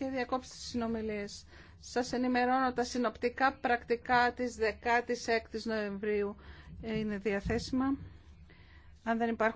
και διακόψτε τις συνομιλίες. Σας ενημερώνω τα συνοπτικά πρακτικά της 16ης Νοεμβρίου είναι διαθέσιμα. Αν δεν υπάρχουν